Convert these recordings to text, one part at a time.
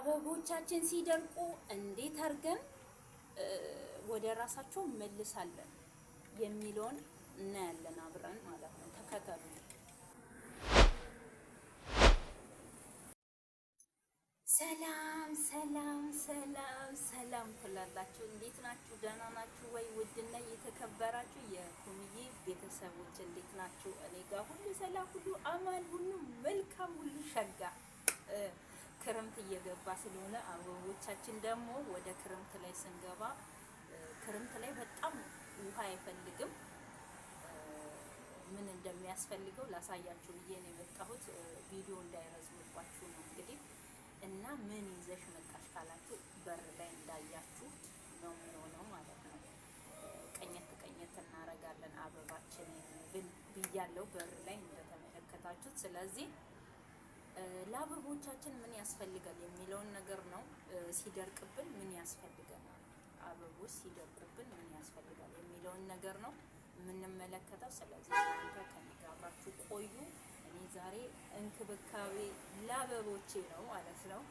አበቦቻችን ሲደርቁ እንዴት አድርገን ወደ ራሳቸው መልሳለን የሚለውን እናያለን አብረን ማለት ነው። ተከተሉ። ሰላም ሰላም ሰላም ሰላም ትላላችሁ። እንዴት ናችሁ? ደህና ናችሁ ወይ? ውድና የተከበራችሁ የኮሚዬ ቤተሰቦች እንዴት ናችሁ? እኔ ጋር ሁሉ ሰላም፣ ሁሉ አማን፣ ሁሉ መልካም፣ ሁሉ ሸጋ ክረምት እየገባ ስለሆነ አበቦቻችን ደግሞ ወደ ክረምት ላይ ስንገባ ክረምት ላይ በጣም ውሃ አይፈልግም። ምን እንደሚያስፈልገው ላሳያችሁ ብዬ ነው የመጣሁት። ቪዲዮ እንዳይረዝምባችሁ ነው እንግዲህ እና ምን ይዘሽ መጣሽ ካላችሁ በር ላይ እንዳያችሁ ነው የሚሆነው ማለት ነው። ቀኘት ቀኘት እናረጋለን አበባችን ብያለው በር ላይ እንደተመለከታችሁት ስለዚህ ለአበቦቻችን ምን ያስፈልጋል የሚለውን ነገር ነው። ሲደርቅብን ምን ያስፈልገናል፣ አበቦች ሲደርቁብን ምን ያስፈልጋል የሚለውን ነገር ነው የምንመለከተው። ስለዚህ እናንተ ከሚጋባችሁ ቆዩ። እኔ ዛሬ እንክብካቤ ለአበቦቼ ነው ማለት ነው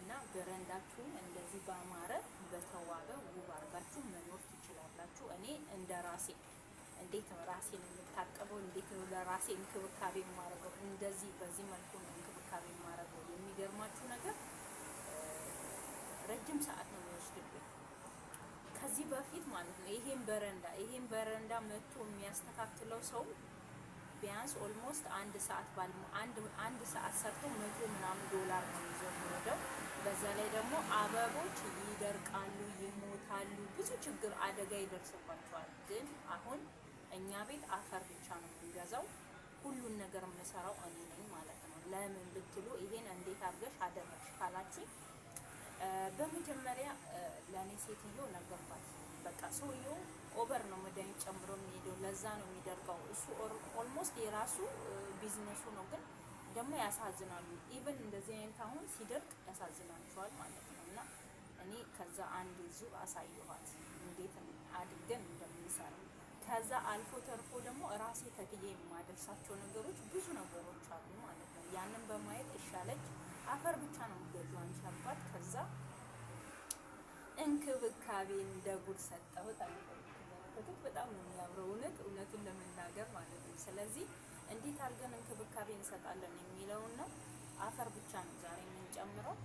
እና በረንዳችሁም እንደዚህ ባማረ በተዋበ ውብ አድርጋችሁ መኖር ትችላላችሁ። እኔ እንደ ራሴ እንዴት ነው ራሴን የምታቀበው? እንዴት ነው ለራሴ እንክብካቤ የማደርገው? እንደዚህ በዚህ መልኩ ነው እንክብካቤ የማደርገው። የሚገርማችሁ ነገር ረጅም ሰዓት ነው የሚወስድብኝ። ከዚህ በፊት ማለት ነው ይሄን በረንዳ ይሄን በረንዳ መጥቶ የሚያስተካክለው ሰው ቢያንስ ኦልሞስት አንድ ሰዓት ባል አንድ ሰዓት ሰርቶ መቶ ምናምን ዶላር ነው ይዞ የሚወደው። በዛ ላይ ደግሞ አበቦች ይደርቃሉ፣ ይሞታሉ፣ ብዙ ችግር አደጋ ይደርስባቸዋል። ግን አሁን እኛ ቤት አፈር ብቻ ነው የምንገዛው። ሁሉን ነገር የምሰራው እኔ ነኝ ማለት ነው። ለምን ብትሉ ይሄን እንዴት አድርገሽ አደረግሽ ካላችሁ በመጀመሪያ ለእኔ ሴትዮ ነገርኳት። በቃ ሰውየው ኦቨር ነው መድኃኒት ጨምሮ የሚሄደው ለዛ ነው የሚደርገው። እሱ ኦልሞስት የራሱ ቢዝነሱ ነው፣ ግን ደግሞ ያሳዝናሉ። ኢቨን እንደዚህ አይነት አሁን ሲደርቅ ያሳዝናቸዋል ማለት ነው እና እኔ ከዛ አንድ ዙ አሳየኋት እንዴት አድርገን እንደምንሰራ ከዛ አልፎ ተርፎ ደግሞ ራሴ ተክዬ የማደርሳቸው ነገሮች ብዙ ነገሮች አሉ ማለት ነው። ያንን በማየት እሻለች አፈር ብቻ ነው ገዙ አንቺ አባት ከዛ እንክብካቤ እንደ ጉድ ሰጠሁት አለ። በጣም ነው የሚያምረው እውነት እውነቱን ለመናገር ማለት ነው። ስለዚህ እንዴት አድርገን እንክብካቤ እንሰጣለን የሚለውን ነው። አፈር ብቻ ነው ዛሬ የምንጨምረው።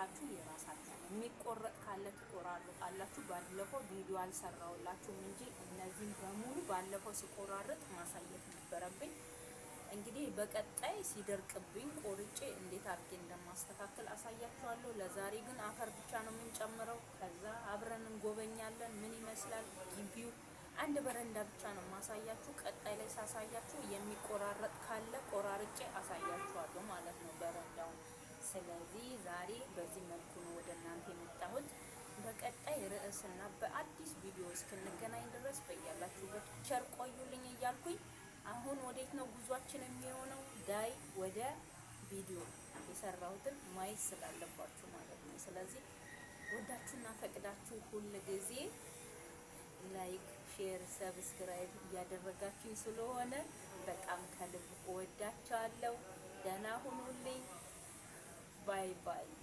ሰርታችሁ የራሳችሁ ነው። የሚቆረጥ ካለ ትቆራርጣላችሁ። ባለፈው ቪዲዮ አልሰራውላችሁም እንጂ እነዚህም በሙሉ ባለፈው ሲቆራርጥ ማሳየት ነበረብኝ። እንግዲህ በቀጣይ ሲደርቅብኝ ቆርጬ እንዴት አድርጌ እንደማስተካከል አሳያችኋለሁ። ለዛሬ ግን አፈር ብቻ ነው የምንጨምረው። ከዛ አብረን እንጎበኛለን ምን ይመስላል ግቢው። አንድ በረንዳ ብቻ ነው ማሳያችሁ። ቀጣይ ላይ ሳሳያችሁ የሚቆራረጥ ካለ ቆራርጬ አሳያችኋለሁ ማለት ነው በረንዳውን ስለዚህ ዛሬ በዚህ መልኩ ነው ወደ እናንተ የመጣሁት። በቀጣይ ርዕስና በአዲስ ቪዲዮ እስክንገናኝ ድረስ በያላችሁበት ቸር ቆዩልኝ እያልኩኝ አሁን ወዴት ነው ጉዟችን የሚሆነው? ዳይ ወደ ቪዲዮ የሰራሁትን ማየት ስላለባችሁ ማለት ነው። ስለዚህ ወዳችሁና ፈቅዳችሁ ሁል ጊዜ ላይክ፣ ሼር፣ ሰብስክራይብ እያደረጋችሁ ስለሆነ በጣም ከልብ እወዳችኋለሁ። ደህና ሁኑልኝ። Bye-bye.